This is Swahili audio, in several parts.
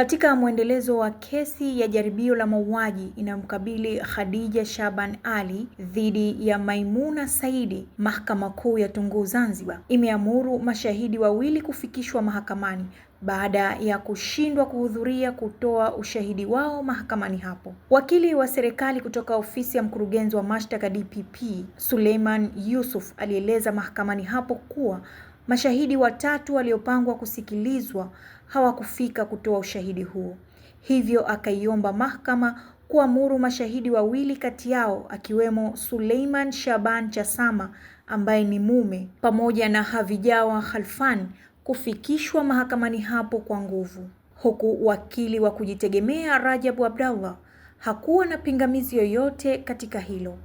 Katika mwendelezo wa kesi ya jaribio la mauaji inayomkabili Khadija Shaban Ali dhidi ya Maimuna Saidi, Mahakama Kuu ya Tunguu Zanzibar imeamuru mashahidi wawili kufikishwa mahakamani baada ya kushindwa kuhudhuria kutoa ushahidi wao mahakamani hapo. Wakili wa serikali kutoka ofisi ya mkurugenzi wa mashtaka DPP, Suleiman Yusuf alieleza mahakamani hapo kuwa Mashahidi watatu waliopangwa kusikilizwa hawakufika kutoa ushahidi huo, hivyo akaiomba mahakama kuamuru mashahidi wawili kati yao akiwemo Suleiman Shaban Chasama ambaye ni mume pamoja na Havijawa Khalfan kufikishwa mahakamani hapo kwa nguvu, huku wakili wa kujitegemea Rajabu Abdallah hakuwa na pingamizi yoyote katika hilo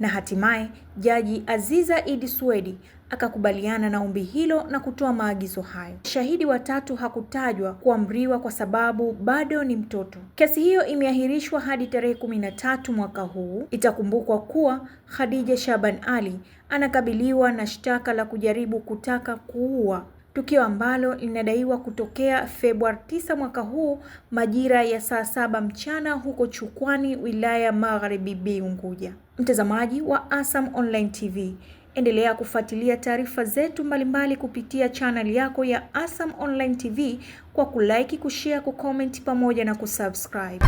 na hatimaye Jaji Aziza Idi swedi akakubaliana na ombi hilo na kutoa maagizo hayo. Shahidi watatu hakutajwa kuamriwa kwa sababu bado ni mtoto. Kesi hiyo imeahirishwa hadi tarehe kumi na tatu mwaka huu. Itakumbukwa kuwa Khadija Shaban Ali anakabiliwa na shtaka la kujaribu kutaka kuua tukio ambalo linadaiwa kutokea Februari 9 mwaka huu majira ya saa saba mchana huko Chukwani, wilaya Magharibi B, Unguja. Mtazamaji wa ASAM Online TV, endelea kufuatilia taarifa zetu mbalimbali kupitia chaneli yako ya ASAM Online TV kwa kulike, kushare, kucomment pamoja na kusubscribe.